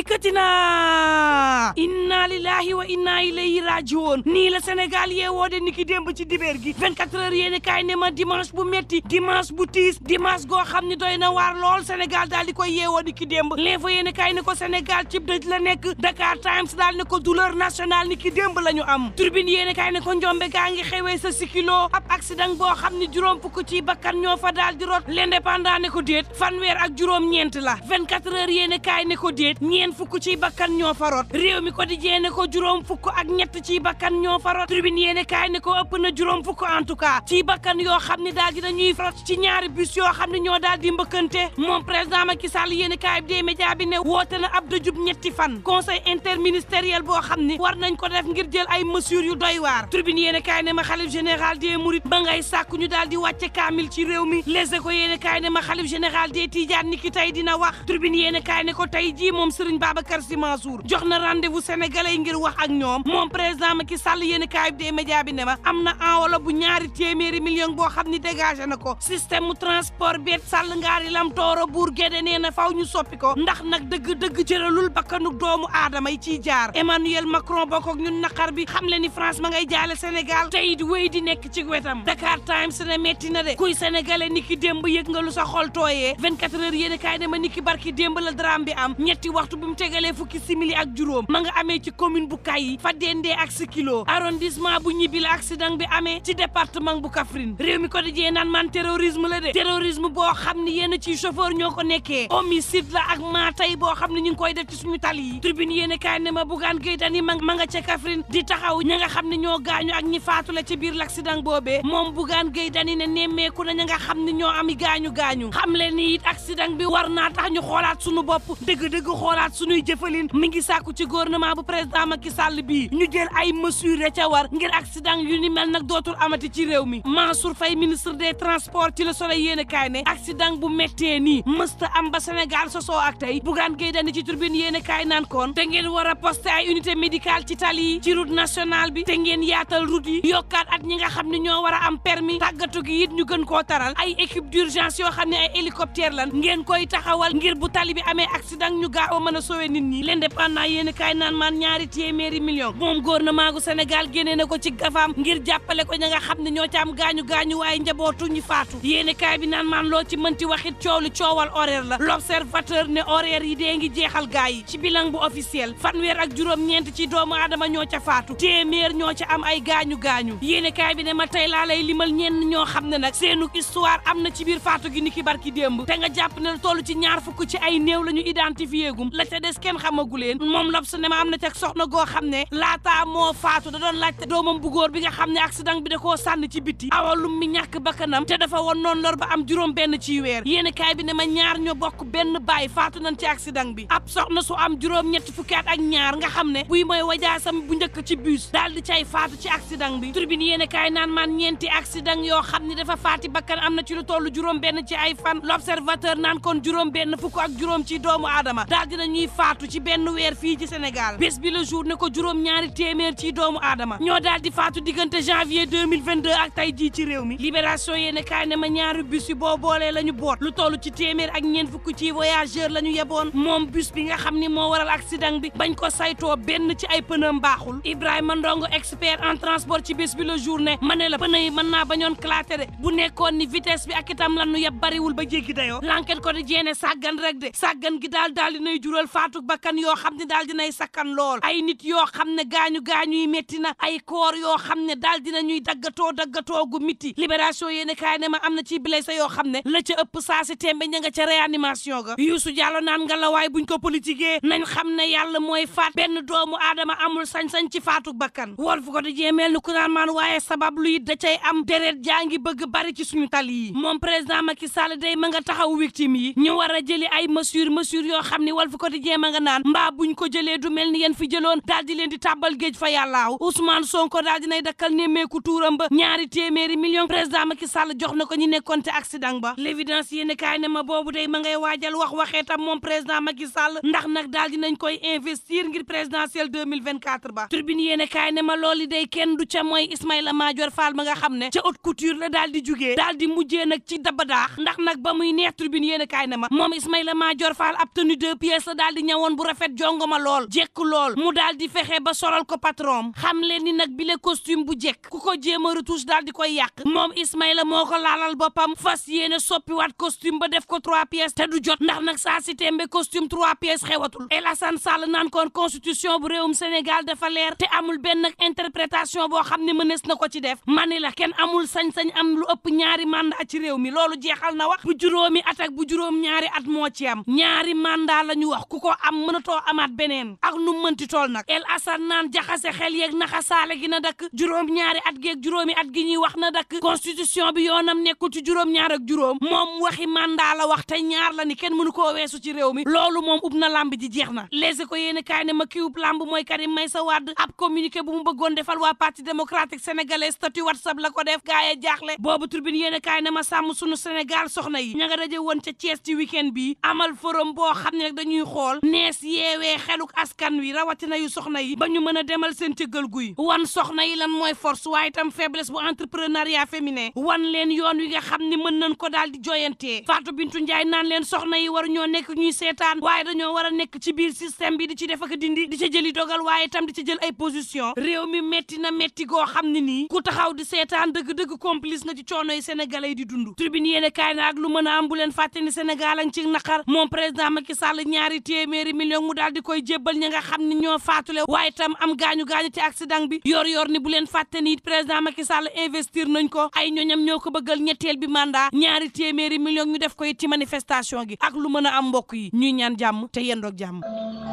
dikkati na inna lillahi wa inna ilayhi rajiwoon nii la Sénégal yeewoo de niki démb ci dibéer gi 24 heures yéeni kaay ne ma dimanche bu metti dimanche bu tiis dimanche goo xam ne doy na waar lool Sénégal daal di koy yeewoo niki démb l'info yéeni kaay ne ko Sénégal cib dëj la nekk Dakar Times daal ne ko douleur nationale niki démb la ñu am turbine yéeni kaay ne ko njombe gaa ngi xewee sa sikilo ab accident boo xam ne juróom fukk ci bakkan ñoo fa daal di rot l'indépendant ne ko déet fanweer ak juróom ñeent la 24 heures yéeni kaay ne ko déet ñeent ñeen fukk ciy bakkan ñoo fa rot ko di jeene ko juróom fukk ak ñett ciy bakkan ñoo fa rot tribune yéene kaay ne ko ëpp na juróom fukk en tout cas bakkan yoo xam ne daal dinañuy rot ci ñaari bus yoo xam ne ñoo daal di mbëkkante moom président Macky Sall yéene kaay bi dee média bi ne woote na ab dajub ñetti fan conseil interministériel boo xam ne war nañ ko def ngir jël ay mesures yu doy waar tribune yéene kaay ne ma xalif général des mourides ba ñu daal ci réew mi les éco yéene kaay ne ma xalif général des tidiane ni ki tey dina wax tribune yéene kaay Serigne Babacar Sy jox na rendez-vous ngir wax ak ñoom moom président Macky Sall yéen kaayub des médias bi ne ma am na enveloppe bu ñaari téeméeri million boo xam ni dégagé na ko système mu transport beet sàll ngaari lam buur géde nee na faw ñu soppi ko ndax nag dëgg-dëgg jëralul bakkanu doomu aadama yi ciy jaar Emmanuel Macron bokk ak ñun naqar bi xam le ni France ma ngay jaale Sénégal tey di wéy di nekk ci wetam Dakar Times ne metti na de kuy sénégalais niki démb yëg nga lu sa xol tooyee 24 heures bu mu tegalee fukki simili ak juróom ma nga ame ci commune bu yi fa dendee ak Sikilo arrondissement bu ñibbi la accident bi amee ci département bu Kaffrine réew mi ko dajee naan man terrorisme la de terrorisme boo xam ni yenn ci chauffeur ñoo ko nekkee homicide la ak maatay boo xam ne ñu ngi koy def ci suñu tali yi tribune yéen kaay ne ma bugaan géy dani ma ma nga ca Kaffrine di taxaw ña nga xam ne ñoo gaañu ak ñi faatu ci biir l'accident boobee moom bugaan géy dani ne nemmeeku na ña nga xam ne ñoo am gaañu gaañu xam leen ni it accident bi war naa tax ñu xoolaat suñu bopp dëgg-dëgg xoolaat xalaat suñuy jëfalin mi ngi sàkku ci góor gouvernement bu président Macky Sall bi ñu jël ay mesures ya ca war ngir accident yu ni mel nag dootul amati ci réew mi Mansour Faye ministre des transport ci la Soleil yéen a kaay ne accident bu méttee nii mësta am ba Sénégal sosoo ak tey Bougane Gueye Dany ci yéen a naan koon te ngeen war a poste ay unité médicale ci tali yi ci route nationale bi te ngeen yaatal route yi yokkaat at ñi nga xam ne ñoo war a am permis tàggatu gi it ñu gën koo taral ay équipe d'urgence yoo xam ne ay hélicoptère lan ngeen koy taxawal ngir bu tali bi amee a a nit ñi l'indépendant yéen kaay naan maan ñaari téeméeri million moom gouvernement gu Sénégal génnee na ko ci gafaam ngir jàppale ko ña nga xam ne ñoo ci am gaañu-gaañu njabootu ñu faatu yéen kaay bi naan maan loo ci mënti waxit coow li coowal horaire la l'observateur ne horaire yi dee ngi jeexal gaay yi ci bilan bu officiel fanweer ak juróom-ñeent ci doomu aadama ñoo ca faatu téeméer ñoo ca am ay gaañu-gaañu yéen kaay bi ne ma tey laa lay limal ñenn ñoo xam ne nag seenu histoire am na ci biir faatu ni ki barki démb te nga jàpp ne toll ci ñaar fukk ci ay néew la ñu identifié gum la te des kenn xamagu leen moom L'Obs ne ma am na teg soxna goo xam ne laataa moo faatu da doon laajte doomam bu góor bi nga xam ne accident bi da koo sànni ci biti awalum mi ñàkk bakkanam te dafa woon noonu lor am juróom benn ci weer yéeni kaay bi ne ma ñaar ñoo bokk benn baay faatu nañ ci accident bi ab soxna su am juróom ñetti fukki ak ñaar nga xam ne buy mooy wajaasam bu njëkk ci bus daal di cay faatu ci accident bi turbine yéen kaay naan maan ñeenti accident yoo xam ne dafa faati bakkan am na ci lu tollu juróom benn ci ay fan l'observateur naan kon juróom benn fukk ak juróom ci doomu aadama daal dinañu ñuy faatu ci benn weer fii ci Sénégal bés bi la jour ne ko juróom-ñaari téeméer ci doomu aadama ñoo daal di faatu diggante janvier 2022 ak tey jii ci réew mi libération yéene kaay ne ma ñaari bus yi boo boolee la ñu boot lu toll ci téeméer ak ñeent fukk ci voyageur la ñu yeboon moom bus bi nga xam ni moo waral accident bi bañ ko saytoo benn ci ay pënam baaxul Ibrahima Ndongo expert en transport ci bés bi la jour ne ma ne la pën yi mën naa bañoon clatere bu nekkoon ni vitesse bi ak itam lan nu yeb bariwul ba jéggi dayoo l'enquête ko di rek de sàggan gi daal daal jural faatu bakkan yoo xam ne daal dinay sakkan lool ay nit yoo xam ne gaañu gaañu yi metti na ay koor yoo xam ne daal na ñuy daggatoo daggatoo gu miti libération yéen kaay ne ma am na ci blessé yoo xam ne la ca ëpp saa si tembe ña nga ca réanimation ga Youssou Diallo naan nga waaye waay buñ ko politiqué nañ xam ne yàlla mooy faat benn doomu aadama amul sañ-sañ ci faatu bakkan Walf Quotidien mel ni ku naan maan waaye sabab lu it da cay am deret jaa ngi bëgg bari ci suñu tali yi moom président Macky Sall day ma nga taxaw victime yi ñu war a jëli ay mesures mesures yoo xam quotidien ma nga naan mbaa buñ ko jëlee du mel ni yéen fi jëloon daal di leen di tàbbal géej fa yàllaaw Ousmane Sonko daal dinay dakkal nemmeeku tuuram ba ñaari téeméeri million président Macky jox na ko ñi nekkoon te accident ba l'évidence yéen kaay ne ma boobu day ma ngay waajal wax waxeetam moom président Macky ndax nag daal dinañ koy investir ngir présidentielle ba tribune yéen kaay ne day kenn du ca mooy Ismaïla Madior ma nga xam ne ca haute couture la daal di jugee daal di ba muy neex tribune daal di ñëwoon bu rafet jongoma lool jekk lool mu daal di fexe ba solal ko patron xam leen ni nag bile costume bu jekk ku ko jéem a retouche daal di koy yàq moom Ismaïla moo ko laalal boppam fas yéene soppiwaat costume ba def ko trois pièces te du jot ndax nag saa si tembe costume trois pièces xewatul El Hassan Sall naan kon constitution bu réewum Sénégal dafa leer te amul benn interprétation boo xam ne mënees na ko ci def mani la kenn amul sañ-sañ am lu ëpp ñaari mandat ci réew mi loolu jeexal na wax bu juróomi at bu juróom at moo ci am ñaari mandat la ñu wax ku ko am mënatoo amaat beneen ak nu mënti tool nag el asan naan jaxase xel yeeg naxasaale gi na dakk juróom-ñaari at geeg juróomi at gi ñuy wax na dakk constitution bi yoonam nekkul ci juróom-ñaar ak juróom moom waxi mandat la wax te ñaar la ni kenn mënu koo weesu ci réew mi loolu moom ub na lamb ji jeex na léegi ko yéen kaay ne ma kiwub lamb mooy Karim Meïssa Wade ab communiqué bu mu bëggoon defal waa parti démocratique sénégalais statut whatsapp la ko def gaay yi jaaxle boobu tribune yéen kaay ne ma sàmm sunu Sénégal soxna yi ña nga daje woon ca Thiès ci week-end bi amal forum boo xool nees yeewee xeluk askan wi rawatina yu soxna yi ba ñu mën a demal seen cëggal guy wan soxna yi lan mooy force waaye itam faiblesse bu entrepreneuriat féminin wan leen yoon wi nga xam ni mën nañ ko daal di joyantee Fatou Bintou Ndiaye naan leen soxna yi war ñoo nekk ñuy seetaan waaye dañoo war a nekk ci biir système bi di ci def ak dindi di ci jëli dogal waaye tam di ci jël ay position réew mi metti na metti goo xam ne nii ku taxaw di seetaan dëgg-dëgg complice nga ci coono yi sénégalais di dund tribune yéene kaay a téeméeri million mu daal di koy jébbal ñi nga xam ni ñoo faatule waaye tam am gaañu-gaañu ci accident bi yor yor ni bu leen fàtte ni président Macky Sall investir nañ ko ay ñoñam ñoo ko bëggal ñetteel bi mandaa ñaari téeméeri million ñu def ko it ci manifestation gi ak lu mën a am mbokk yi ñuy ñaan jàmm te yendoog jàmm